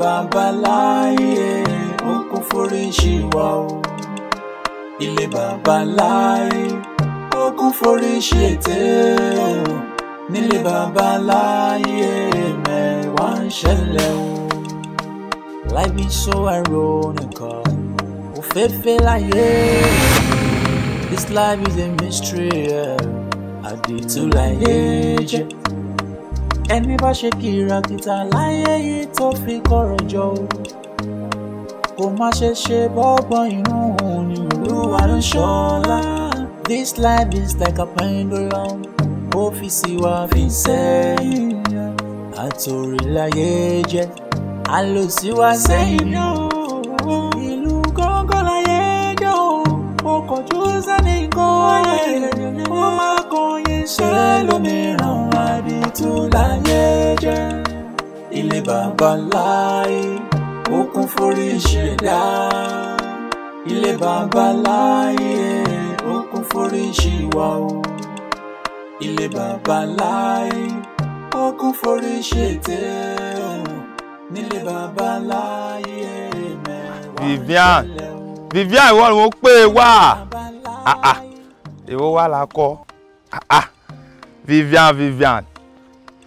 bàbá láyé ó wa o ilé bàbá láyé ó kún foríṣi ètè o nílé bàbá láyé mẹ́wàá ń ṣẹlẹ̀ o. Life been so ironical òfẹ́fẹ́ láyé this life is a mystery yeah. àdìtú láyé jẹ́ ẹni bá ṣe kìràkìtà láyé yìí tó fi kọ̀rọ̀ jọ o kò má ṣe ṣe bọ́gbọ́n inú òun ni olúwa ló ṣọlá this life is like a pendulum ó fi sí wa fi sẹ́yìn àtòrí láyé jẹ́ a lò sí wa sẹ́yìn ìlú gángan láyé jẹ́ o mo kàn jù sẹ́nìkan ó máa kàn yín ṣe lómìnira tú láyé jẹ́ ilé bàbá láyé ó kún forí ìṣẹ̀dá ilé bàbá láyé ó kún forí ìṣìwà o ilé bàbá láyé ó forí ìṣètẹ́ nílé bàbá láyé ah, ah. ah, Vivian Vivian ìwọ ni mo pè wá èwo wà lákọ Vivian Vivian.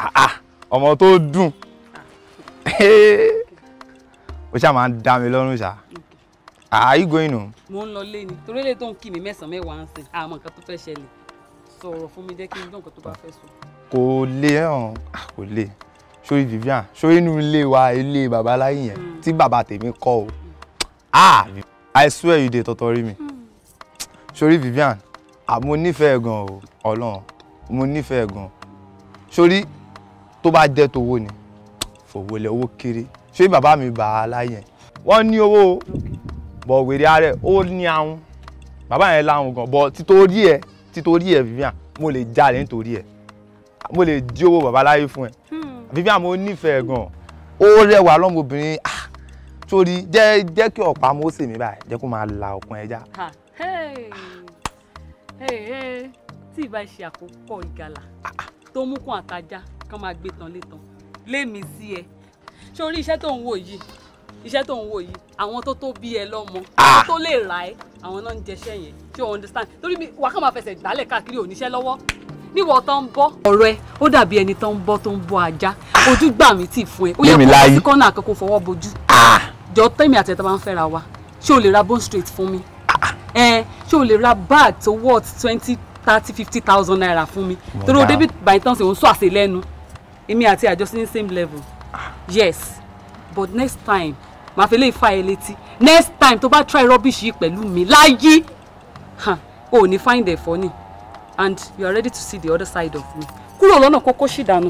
Ah, ah, ọmọ tó dùn ó ṣáà máa ń dá mi lọ́rùn ṣá ah, are you going home. mo ń lọ lé ni torí lè tó ń kí mi mẹ́sàn-án mẹ́wàá ń sìn àmọ́ nǹkan tó fẹ́ ṣẹlẹ̀ sọ̀rọ̀ fún mi jẹ́ kí n dún nǹkan tó bá fẹ́ sọ. kò lè hàn kò lè sórí Vivian sórí inú ilé wa ilé bàbá láyé yẹn hmm. tí bàbá tèmi kọ́ o ah I swear you dey tọ́tọ́ rí mi hmm. sórí Vivian àmọ́ nífẹ̀ẹ́ gan-an o ọlọ́run mo nífẹ̀ẹ́ gan-an sórí tó bá jẹ́ tówó ni fòwò lẹ owó kéré ṣé bàbá mi bà á láyẹn wọ́n ní owó bọ̀ wèrè ààrẹ ó ní ahun bàbá yẹn láhun gan bọ̀ títorí ẹ títorí ẹ Vivian mo lè jalè nítorí ẹ mo lè jí owó bàbá láyé fún ẹ hmm. Vivian mo nífẹ̀ẹ́ gan ó rẹwà lọ́mọbìnrin ah sórí jẹ́ jẹ́ kí ọ̀pá mo sè mí báyìí jẹ́ kó máa la ọ̀pọ̀ ẹja. tí ì bá ṣe àkókò ìgalà ah, ah. tó mú kún àtajá kán máa gbé tán létan lémi sí ẹ ṣé orí iṣẹ́ tó ń wò yìí iṣẹ́ tó ń wò yìí àwọn tó tó bí ẹ lọ́mọ ah! tó lè ra ẹ àwọn náà ń jẹṣẹ́ yẹn ṣé o understand torí mi wà kàn máa fẹsẹ̀ gbálẹ̀ káàkiri òníṣẹ́ lọ́wọ́ níwọ̀ tó ń bọ́ ọ̀rọ̀ ẹ ó dàbí ẹni tó ń bọ́ tó ń bọ́ ajá ojú gbà mí tì fún ẹ ó yẹ kó sí kọ́nà àkọ́kọ́ fọwọ́ bojú ah! jọ tẹ́mi àti ẹ̀tọ́ máa ń fẹ́ra wa ṣé o lè ra bone straight fún mi ah! ẹ ṣé o lè ra bag tó worth twenty thirty fifty thousand naira fún mi torí o débìtì bàyìí tán sì ń sọ àṣẹ lẹ́nu Emi, èmi just in the same level yes but next time màá fi lè fa ẹ létí next time tó bá try rubbish yìí pẹ̀lú mi láyé o ò find the funny, and you are ready to see the other side of me kúrò lona koko sì dànù.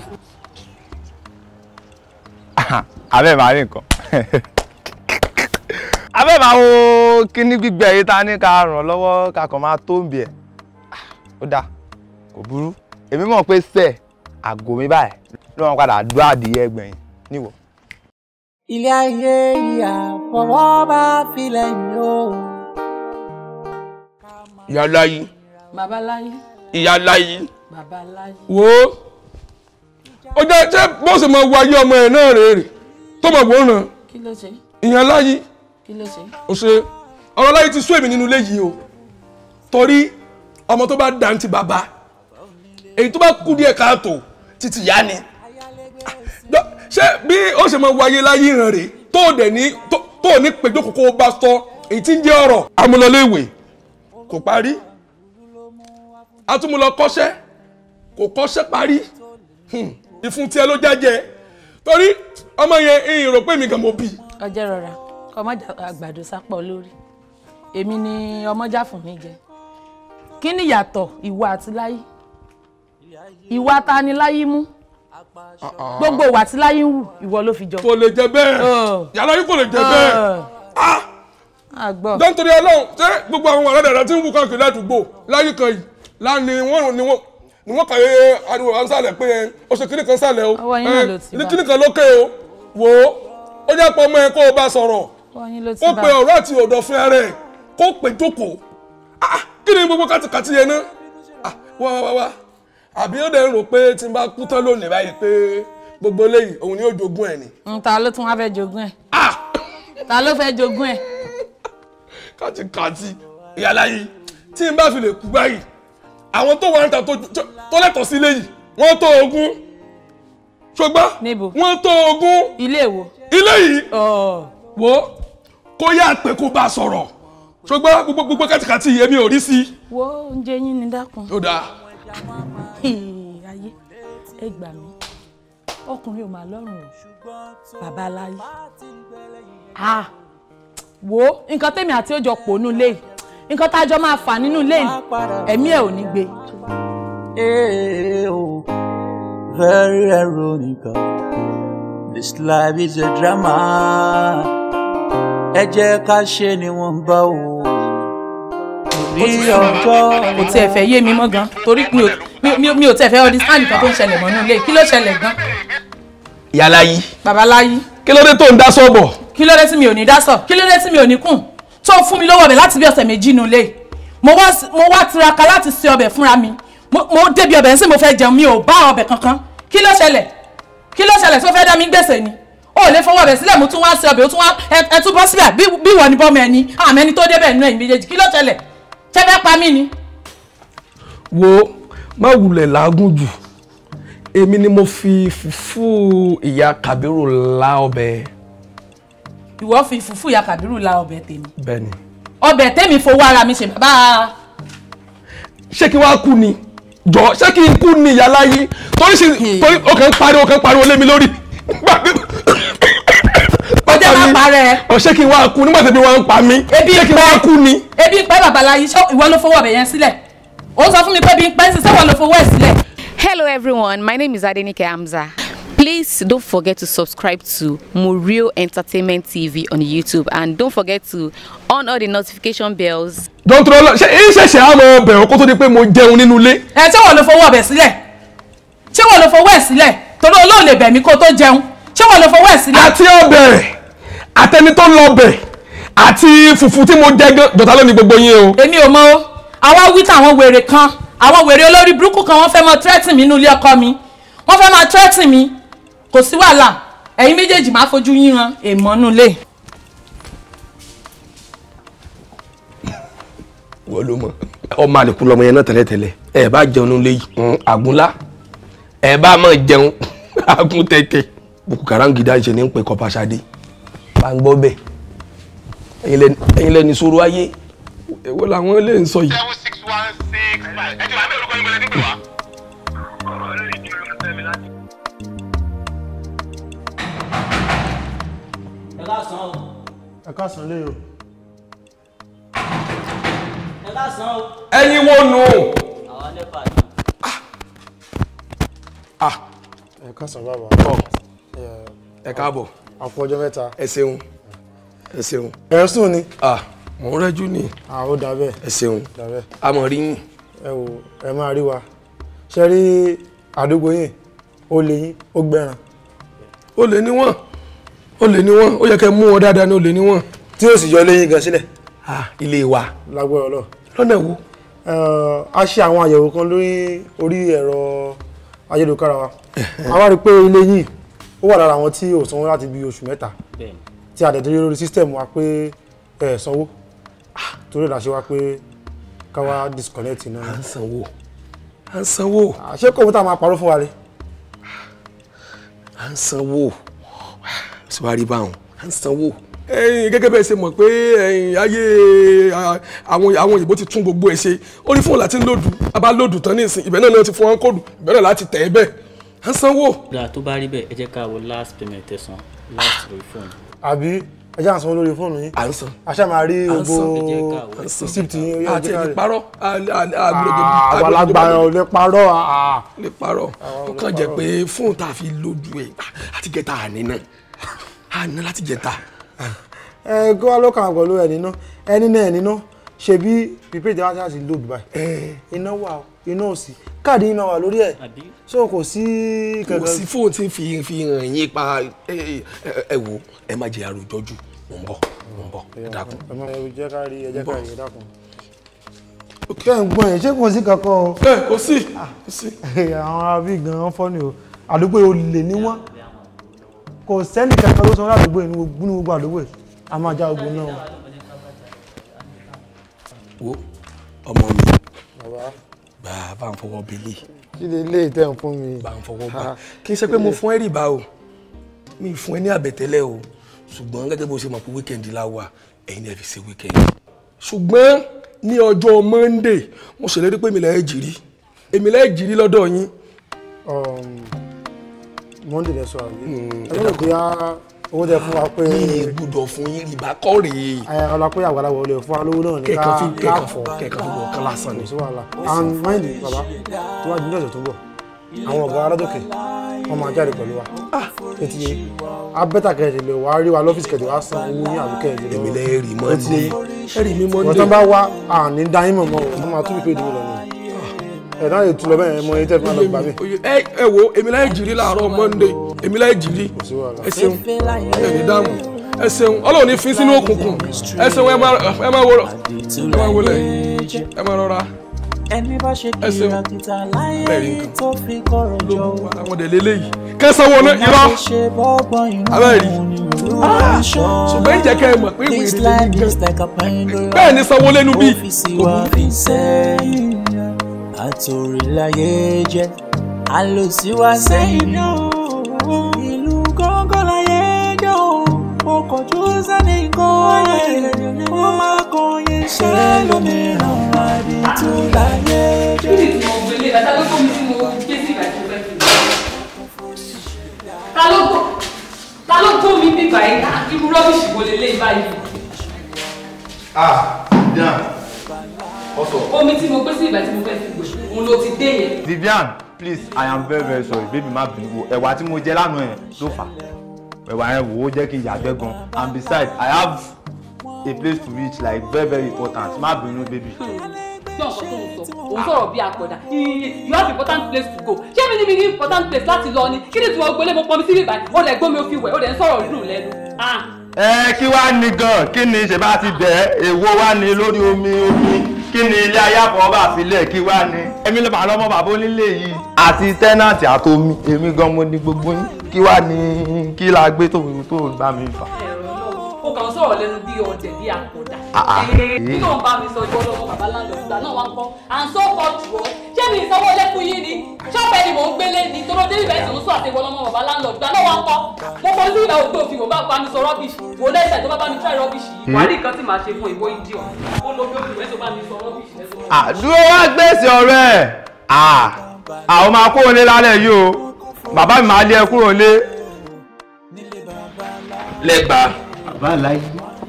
abẹ́ màá rí nǹkan abẹ́ màá wo kíní gbígbẹ yìí ta ní ka ràn lọ́wọ́ ká kàn máa tó ń bì ẹ̀ ó dáa kò burú èmi mọ̀ pé sẹ́ẹ̀ àgọ́ mi báyìí ló máa padà dó adìyẹ gbẹ̀yìn níwọ̀. ilé ayé ìyá fọwọ́ bá filẹ̀ yìí o. ìyá láyé. bàbá láyé. ìyá láyé. bàbá láyé. wo ó jẹ́ ṣé bó ṣe máa wo ayé ọmọ ẹ̀ náà rèé tó mọ̀ wòran. kí ló ṣe. ìyá láyé. kí ló ṣe. ó ṣe ọ̀rọ̀ láyé ti sún èmi nínú ilé yìí o torí ọmọ tó bá dantí bàbá èyí tó bá kú díẹ̀ káàtó títí yá ni ṣé bí ó ṣe máa wáyé láyé ìran rèé tó dẹ̀ ní tó ní péjọ kókó bá sọ èyí tí ń jẹ́ ọ̀rọ̀ amúlọléèwé kò parí atúmúlọ kọ́ṣẹ́ kò kọ́ṣẹ́ parí hmm. ìfun tiẹ̀ ló jájẹ́ torí ọmọ yẹn ìyìn rò pé mi gan mo bí. ọjọ́ rọra ọmọ àgbàdo sápọ̀ lórí èmi ni ọmọ jáfùn mi jẹ kí ni ìyàtọ̀ ìwà àti láyé ìwà ta ni láyé mú Ah, ah. gbogbo ìwà tí láyé ń wù ìwọ ló fi jọ. kò lè jẹ bẹ́ẹ̀ ah. yàrá yìí kò lè jẹ bẹ́ẹ̀ àgbọ̀. dọ́ntorí ọlọ́run ṣé gbogbo àwọn ọ̀rẹ́ rẹ̀ tí ń wù káàkiri ládùúgbò láyé kan yìí láni wọ́n ni wọ́n ni wọ́n kàwé ariwo à ń sàlẹ̀ pé o ṣe kíní kan sàlẹ̀ o ní kíní kan lókè o wò ó ó jẹ́ pọ̀ mọ́ ẹ kó o bá sọ̀rọ̀ kó pe ọ̀rọ̀ àti ọ̀dọ̀ fún ẹrẹ̀ kó pe jókòó kí ni gbogbo kàtìkàtì yẹn náà wá wá wá àbí ó dẹ̀ ń rò pé tí n bá kú tán lónìí báyìí pé gbogbo eléyìí òun ni ó jogún ẹ̀ ni. n ta ló tún wá fẹ́ jogún ẹ̀. ta ló fẹ́ jogún ẹ̀. kàtìkàtì ìyàlá yìí tí n bá fi lè kú báyìí àwọn tó wà níta tó lẹ́tọ̀ọ́ sí ilé wọ́n tó ogún ṣùgbọ́n wọ́n tó ogún. ilé wo. ilé yìí wo kó yá pé kó bá sọ̀rọ̀ ṣùgbọ́n gbogbo kàtìkàtì yẹn ò rí sí. wo oúnjẹ yín ni dákun. ó dáa ẹ gbà mí ọkùnrin ò mà lọ́rùn o bàbá aláyé ah wo nǹkan tèmi àti òjò pò nínú ilé yìí nǹkan tá a jọ máa fà nínú ilé ẹ̀mí ẹ̀ ò ní gbé. Oh, very ironic. This life is a drama. Ẹ jẹ́ ká ṣe ni wọ́n bá wò ó yé ọjọ́ kò tiẹ̀ fẹ́ yé mi mọ́ gan torí mi ò tiẹ̀ fẹ́ understand nǹkan tó ń ṣẹlẹ̀ mọ́ inú ilé kí ló ṣẹlẹ̀ gan. yàrá yìí. bàbá láyé. kí ló dé tó ń dá sọ kí ló dé tí mi ò ní dá kí ló dé tí mi ò ní kùn tó fún mi lọ́wọ́ mi láti bí ọ̀sẹ̀ méjì nu ilé mo wá tiraka láti ṣe ọbẹ̀ fúnra mi mo débi ọbẹ̀ sí mo fẹ́ jẹun mi ò bá ọbẹ̀ kankan kí ló ṣẹlẹ̀ kí ló ṣẹlẹ̀ tó fẹ́ dá mi gbèsè ni ó lè fọwọ́ bẹ̀ sílẹ̀ mo tún wá ṣe ọbẹ̀ ó tún wá ẹ tún bọ́ síbẹ̀ bí wọ́n ní bọ́ mẹ́ni àmẹ́ni tó débẹ̀ nínú ẹ̀yìn méjèèjì kí ló ṣẹlẹ̀ ṣé fẹ́ pa mí ni. wo má wulẹ̀ làágùn jù èmi ni mo fi fùfú ìyá Kàbírù la ọbẹ̀. ìwọ fi fùfú ìyá Kàbírù la ọbẹ̀ tèmi. bẹ́ẹ̀ni. ọbẹ̀ tèmi fowó ara mi ṣe bá a. ṣé kí wàá kú ni jọ ṣé kí n kú ni ìyá láyé torí ṣe torí o kàn ń pariwo o kàn ń pariwo lé mi lórí. ọjọ́ máa parẹ́. ọ̀ṣẹ́ kí n wá kú nígbà tí ebi wá ń pa mí. ebi ń pa ṣé kí n wá kú ni ebi ń pẹ́ bàbá láyé ìwọ ló fowó ọbẹ̀ yẹn sílẹ̀ ó sọ fún mi pé ebi ń pẹ́ sísẹ́ ìwọ ló fowó ẹ̀ sílẹ̀. Hello everyone, my name is Adenike Amza. Please don't forget to subscribe to Murio Entertainment TV on YouTube and don't forget to on all the notification bells. Don't throw lọ ṣe é ṣẹ̀ṣẹ̀ á lọ bẹ̀rù kó tó di pé mo jẹun nínú ilé. Ẹ ṣé wọ́n ló fowó ọbẹ̀ sílẹ̀? Ṣé wọ́n ló fowó ẹ̀ sílẹ̀? Torí olóòlè bẹ̀ mí kó tó jẹun. Ṣé wọ́n lo fowó ẹ̀ sílẹ̀? Àti ọbẹ̀ àtẹni tó lọ bẹ̀ àti fùfú tí mo jẹ gan dọ̀tà lónìí gbogbo yín o. èmi ò mọ o àwa wí táwọn wèrè kan àwọn wèrè olórí burúkú kan wọ́n fẹ́ mọ tírẹ́tì mi nínú ilé ọkọ mi wọ́n fẹ́ mọ tírẹ́tì mi kò sí wàhálà ẹ̀yin méjèèjì máa fojú yín ran èèmọ̀ nù lé. wọ́n ló mọ̀ ọmọ àlèkù lọmọ yẹn náà tẹ́lẹ̀tẹ́lẹ̀ ẹ bá jẹun nílé hmm, àgúnlá ẹ bá máa jẹun àgún tẹ̀tẹ̀ bùkù kàràǹgídá ń ṣe ní pẹ́ kọ́páṣadé bá ń gbọ́ bẹ́ẹ̀ ẹ̀yin lẹ́ni sọ̀rọ̀ ayé èwo làwọn ilé ń sọ yìí. seven six one six five ẹ ti wà ní olùkọ́ ní bọ́lá ní pè wá. ẹ lásán o. ẹ kásán lé o. ẹ lásán o. ẹ̀yin wo nù. àwa nípa ni. Ah. Ah. ẹ kásán bàbá. ẹ káàbọ̀. àpò ọjọ́ mẹ́ta. ẹ ṣeun ẹ ṣeun. ẹ sùn ni. ah mò ń rẹ́jú ni. ah ó dà bẹ́ẹ̀. ẹ ṣeun a mọ̀ rí yín. ẹ wò ẹ máa rí wa ṣe rí àdúgbò yín ó lè yín ó gbẹ̀ràn. ó lè ní wọ́n ó lè ní wọ́n ó yẹ kẹ́ mú wọn dáadáa ní ó lè ní wọ́n. tí ó sì yọ lẹ́yìn gan sílẹ̀. ah ilé wa. lágbára ọlọ. lọ́nà wo. a ṣe àwọn àyẹ̀wò kan lórí orí ẹ̀rọ ayélujára wa a wá rí i pé ilé yìí ó wà lára àwọn tí ò sanwó láti bí oṣù mẹ́ta tí a dẹ̀dẹ̀ lórí system wa pé ẹ sanwó ah, torí ìdáṣẹ́ wa pé ká wá disconnect iná. à ń sanwó à ń sanwó. Ah, ṣé kọ̀m̀pútà máa parọ́ fún wa rẹ̀. à ń sanwó ṣé wàá rí báwọn à ń sanwó gẹ́gẹ́ bẹ́ẹ̀ ṣe mọ̀ pé ayé àwọn àwọn òyìnbó ti tún gbogbo ẹ̀ ṣe ó ní fóònù láti ń lòdù abá lòdù tán ní ìsìn náà ti fún wọn kóòdù ìbẹ̀ láti tẹ̀ ẹ́ bẹ́ẹ̀ à ń sanwó. ìgbà tó bá rí bẹ́ẹ̀ ẹ jẹ́ ká wo last payment tẹ̀sán last refund àbí ẹjá ń san olórí fóònù yín. à ń san. àṣà máa rí gbogbo receipt yín. àti ẹni parọ́ àgbàlagbà ò lè parọ́. lè ah, ah. parọ́ ah, ó kàn jẹ́ pé fóònù tá a fi lójú ẹ̀ àti gẹ̀ta àní náà àní láti gẹ̀ta. ẹ eh, eh, kí wàá ló kàn án pẹ̀lú ẹ̀ nínú ẹni náà ẹ̀ nínú ṣebí pípé ìjọba ti láti lò Dubai eh. iná iná òsì káàdì yìí máa wà lórí ẹ̀ so kò sí kankan. kò sí fóònù tí fi fi hàn yín pa ẹ wo ẹ má jẹ àròjọ jù mò ń bọ̀ mò ń bọ̀ ẹ dákun. ẹ jẹ́ ká rí ẹ jẹ́ ká rí ẹ dákun. kẹ́ ń gbọ́n ẹ̀ ṣé kò sí kankan o. ẹ kò sí ah. kò sí. àwọn abí gan-an fọ́ni o àdúgbò olè ní wọ́n kò sẹ́ni kankan ló sọ ládùúgbò inú gbogbo àdúgbò a máa já ogun náà. wo ọmọ mi gbà bá ń fọwọ́ bílẹ̀. kí lè lé ìtẹ̀ ń fún mi. bá ń fọwọ́ gbà kí n ṣe pé mo fún ẹ́rì bá o mi fún ẹ ní àbẹ̀tẹ́lẹ̀ o ṣùgbọ́n gẹ́gẹ́ bó ṣe mọ̀ pé wíkẹ́ndì la wà ẹ̀yin ẹ̀ fi ṣe wíkẹ́ndì. ṣùgbọ́n ní ọjọ́ Monday mo ṣèlérí pé èmi lẹ́ẹ̀ jìrí èmi lẹ́ẹ̀ jìrí lọ́dọ̀ yín. Um, Monday lẹ sọ àbí hmm, ẹ lọ́dọ̀ bí a owó tẹ fún wa pé. mi ì gbúdọ̀ fún yín rìbá kọ́ rèé. ẹ ọlá pé àgbàlagbà olè fún wa lówó náà ní ká fọ kẹkàn fọ kẹkàn ni. kò mind baba tó wá dundun ọ̀sẹ̀ tó ń bọ̀ àwọn ọ̀gá aládòkè wọ́n máa jáde pẹ̀lú wa. etí ye abẹ́tà kẹ̀jẹ̀ lè wá rí wa lọ́fíìsì kẹ̀jẹ̀ wá san owó ní àbíkẹ́ ẹ̀jẹ̀ lọ́wọ́. èmi lè mọ́ndé ẹ̀rí mi mọ́ndé. wọ́n tán bá wá àní dáhìn mọ̀ mọ́ wọn máa tún ìpè ìdíwọ̀ lọ́nà ẹ̀ náà yóò tún lọ bẹ́ẹ̀ mọ ẹ̀jẹ̀ fún àlọ́ gbàgbé. ẹ wo èmi láyé jìrì láàárọ̀ Monday èmi láyé jìrì ẹ ṣeun ẹ ní dáàmú ẹ ṣeun Ọlọ́run ní fi sínú òkùnkùn ẹ ṣeun ẹ máa wọlọ ẹ máa wọlẹ ẹ máa rọra ẹni bá ṣe kìlọ̀ kìtà láyé tó fi kọ̀rọ̀ jọ o. àwọn ọdẹ lélẹ́yìí kẹsàn-án wọn náà irọ́ abẹ́rẹ́ ah! ṣùgbọ́n ìjẹ́ kẹ́ ẹ mọ̀ pé ìwé ìdílé nìkan bẹ́ẹ̀ ni sanwó lẹ́nu bíi òun àtòrí láyé jẹ́ àlò tí wá sẹ́yìn náà ìlú gángan láyé jẹ́ o kò tó sẹ́ni kan ó máa kan yẹn ṣe lómìnira àbí tó láyé jẹ́. ta ló kó mi bíbá yìí irú rọ́bìṣì wo lélẹ́yìn báyìí. ah damn omi tí mo gbé sí ìgbà tí mo fẹ́ fi gbòṣù òun ló ti dé yẹn. Vivian please I am very very sorry baby má bínú o ẹ̀wà tí mo jẹ lánàá yẹn ló fà ẹ̀wà yẹn wò ó jẹ́ kí n yàgbẹ́ gan and besides I have a place to reach like very very important má no, baby. náà sọ fún un sọ òun sọ̀rọ̀ bí akọ̀dà you have important place to go ṣé mi ní mi ní important place láti lọ ni kí ni tí wọ́n gbélé mo pọnmi sí bíbá o lè gbómi òfin wẹ̀ o lè ń sọ̀rọ̀ dùn lẹ́nu. Ah. ẹ kí wàá ní gan kí ni ṣe bá ti bẹ̀ ẹ́ èwo wàá ní lórí omi omi kí ni ilé ayábọ̀ bá fi lẹ̀ kí wá ni. èmi lọ́ba lọ́mọ bàbá onílé yìí. àti tẹ́nàtì àtomi èmi gan mo ní gbogbo yín kí wá ni kí la gbé tó tó bá mi fà. ẹ̀rọ kàn sọ̀rọ̀ lẹ́nu bí ọ̀tẹ̀ bí àkọ́dà. Ah, ah. kí ló ń bá mi sọ ìwọ lọ́wọ́ bàbá láńlọ ìgbà náà wá ń kọ́ à ń sọ fọ́ jù ọ́ ṣé mi ìsanwó lẹ́kùn yìí ni ṣọ́ọ̀bẹ ni mò ń gbélé ni tó ló dé ibẹ̀ tó ń sọ àti ìwọ bàbá láńlọ ìgbà náà wá ń kọ́ mo kọ́ sí ìgbà ògbó òfin òbá bá mi sọ rọ́bìṣì wò lẹ́sẹ̀ tó bá bá mi tẹ́ rọ́bìṣì yìí hmm. wà ní nǹkan tí màá ṣe fún ìwọ ìdí ọ̀ lo bí òfin tó bá mi sọ rọ́bìṣì ah, lẹ́gbàá bàbá aláyé.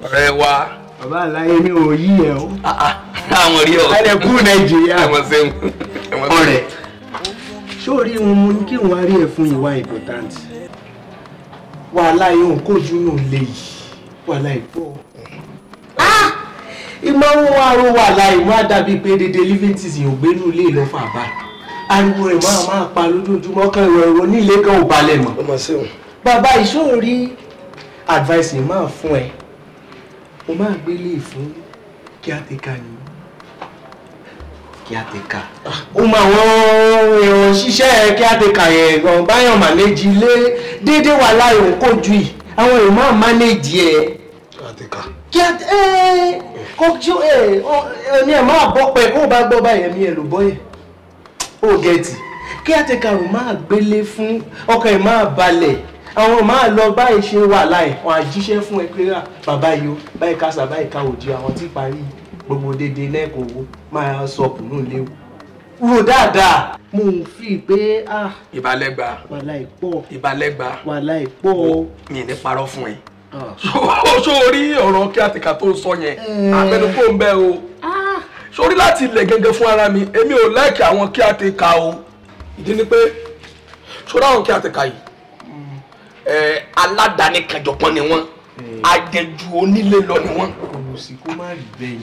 ọ̀rẹ́ wa. bàbá aláyé mi ò yí ẹ o. Ah, ah, àwọn rí ọ. ẹnlẹ kú nàìjíríà. ẹ̀wọ̀n sẹ́wọ̀n. ọ̀rẹ́ sórí wọn mo kí wọn rí ẹ fún ìwà important wàhálà yóò kó ju nù lè yìí wàhálà ìpọ. Ah! ìmọ̀ ń wá ro wàhálà ìmọ̀ àdàbí pé dédé livintis yóò gbé nù ilé ìlọ́fà bá ariwo rẹ̀ máa máa pa lójoojúmọ́ kan ìrọ̀ ìrọ̀ nílé kan ò balẹ̀ mọ́. bàbá ìṣòrí advice yìí máa fún ẹ mo máa gbélé fún kíátékà ni kíátékà ó máa wọ́n èèyàn ṣiṣẹ́ kíátékà yẹn gan báyọ̀ màlẹ́jì lé déédéé wà láyò ń kojú yìí àwọn èèyàn máa mánéjì ẹ. kíátékà. kíáté ẹ kọjú ẹ ẹni ẹ máa bọ́ pẹ́ kó o bá gbọ́ báyẹn mi ẹ ló bọ́ yẹn ó gẹ̀ẹ́tì kíátékà ò máa gbélé fún ọkàn ẹ máa balẹ̀ àwọn máa lọ báyìí ṣe wà láì wọn àjíṣẹ́ fún ẹ pé rà ah, bàbá yìí o báyìí kásá báyìí ká òjì àwọn tí parí gbogbo déédéé lẹ́ẹ̀kọ́ owó máa sọ kùnú léwu. wúro dáadáa mo ń fi pé ah. ìbálẹ́gba wàhálà ìpọ̀ ìbálẹ́gba wàhálà ìpọ̀ mi ní parọ́ fún ẹ. sórí ah. ọ̀rọ̀ kí àtìkà tó ń sọ yẹn eh. àmẹnukó ń bẹ o sórí ah. láti ilẹ̀ gẹ́gẹ́ fún ara mi èmi ò láìkí àwọn kí àtìkà o ìdí ni pé sórí kí àtìkà yìí aládàáni kanjọ̀pọ̀n ni wọ́n àjẹjù hmm. onílé lọ ni wọ́n.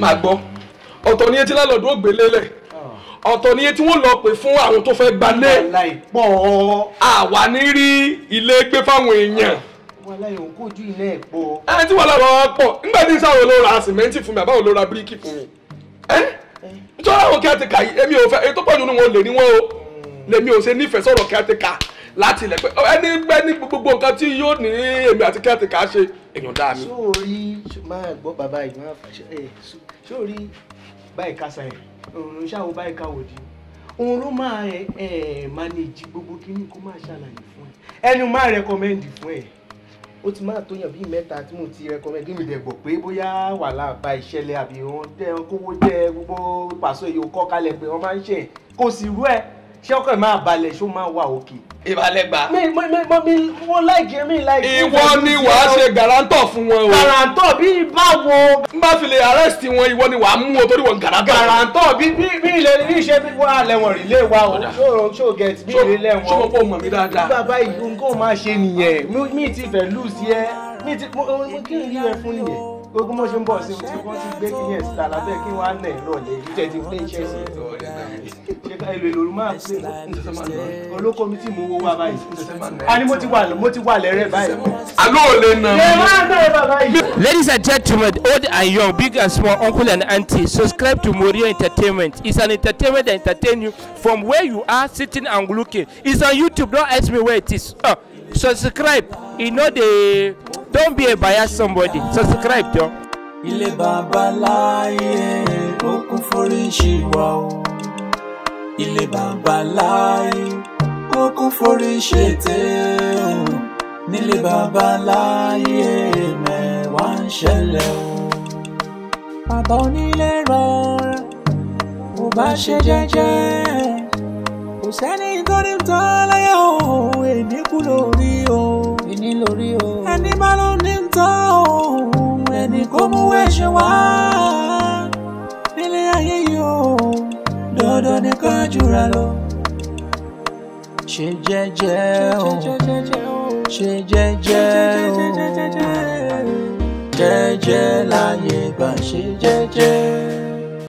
máa gbọ́ ọ̀tọ̀ ni etí lálọ́dún ògbélé lẹ̀ ah. ọ̀tọ̀ ni etí wọ́n lọ pè fún àwọn tó fẹ́ gbalé àwa ní rí ilé gbé fáwọn èèyàn ẹ tí wàhálà wà pọ̀ nígbà tí sáwọn olóra sìmẹ́ntì fún mi àbáwọn olóra bíríkì fún mi nítorí àwọn kí á ti kà yìí èmi ò fẹ́ èyí tó pọ̀ jù nínú wọn lè ní wọn o hmm. lèmi ò ṣe nífẹ̀ẹ́ sọ̀rọ̀ kí á ti kà yìí láti ilẹ̀ pé ẹni pẹ́ ní gbogbo nǹkan tí yóò ní èmi àti kẹ́ẹ̀tì ká ṣe èèyàn dáa mi. sóòrí máa gbọ́ bàbá yìí máa fà ṣe sóòrí báyìí kásá ẹ̀ òun ṣáà báyìí káwòdì òun ló máa manage gbogbo kíní kó máa ṣàlàyé fún ẹ ẹni máa recommend fún ẹ ó ti máa tóyàn bíi mẹ́ta tí mo ti rẹkọmẹ́ndì mi dẹ̀ gbọ̀ pé bóyá wàhálà bá ìṣẹ̀lẹ̀ àbí wọn jẹ́ kówó jẹ́ gbogbo pàṣẹ yòókọ́ kalẹ̀ pé wọ́n máa ń ṣe kò sì rú ẹ̀ ṣé ọkọ ẹ̀ máa balẹ̀ ṣó máa wà òkè. ìbàlẹ̀ gbà. mi mi mi mi wọ́n láìkí mi láìkí. ìwọ ni wàá ṣe garantọ̀ fún wọn o. garantọ̀ bí báwo. n bá fi lè arrest wọn ìwọ ni wàá mú o torí wọn garantọ̀. garantọ̀ bí bí bí ilé ní ṣe bí wà lẹ́wọ̀n rí lé wa o ṣòro ṣó get bí ilé lẹ́wọ̀n. ṣó mo bò mọ̀ mi dáadáa. bàbá ìgbóhùn kó máa ṣe nìyẹn mi ti fẹ́ lù sí ẹ mi ti mo kí n yí ẹ fún nìyẹn gbogbo mọ̀ ṣe ń bọ̀ sí o tí wọ́n ti gbé kí yẹn síta lábẹ́ kí wọ́n á nà ẹ̀ rọ̀lẹ́ ibi tẹ̀ ti play chess ṣe ká èlò èlò máa play olóko mi tí mo wo wa báyìí a ni mo ti wà mo ti wà lẹ́rẹ̀ báyìí. àlọ́ ò lè nà mí. E Ladies and gentlemen, old and young, big and small, uncle and auntie, subscribe to Morio Entertainment. It's an entertainment that entertains you from where you are sitting and looking. It's on YouTube. Don't ask me where it is. Uh, subscribe You know the. don be a bias somebody subscribe jọ. ilé bàbá láàyè foríṣi wa o ilé bàbá láàyè foríṣi tẹ o nílé bàbá láàyè ń ṣẹlẹ̀ o. bàbá onílé rọra bó bá ṣe jẹ́jẹ́ kò sẹ́ni torí tán láyé o èmi kú lórí o èmi lórí o ẹni bá ló ní tán o ẹni kó mú ẹṣin wá nílé ayé yìí o dandan ni ká jura lọ ṣe jẹ́jẹ́ o ṣe jẹ́jẹ́ o jẹ́jẹ́ láyé gbà ṣe jẹ́jẹ́.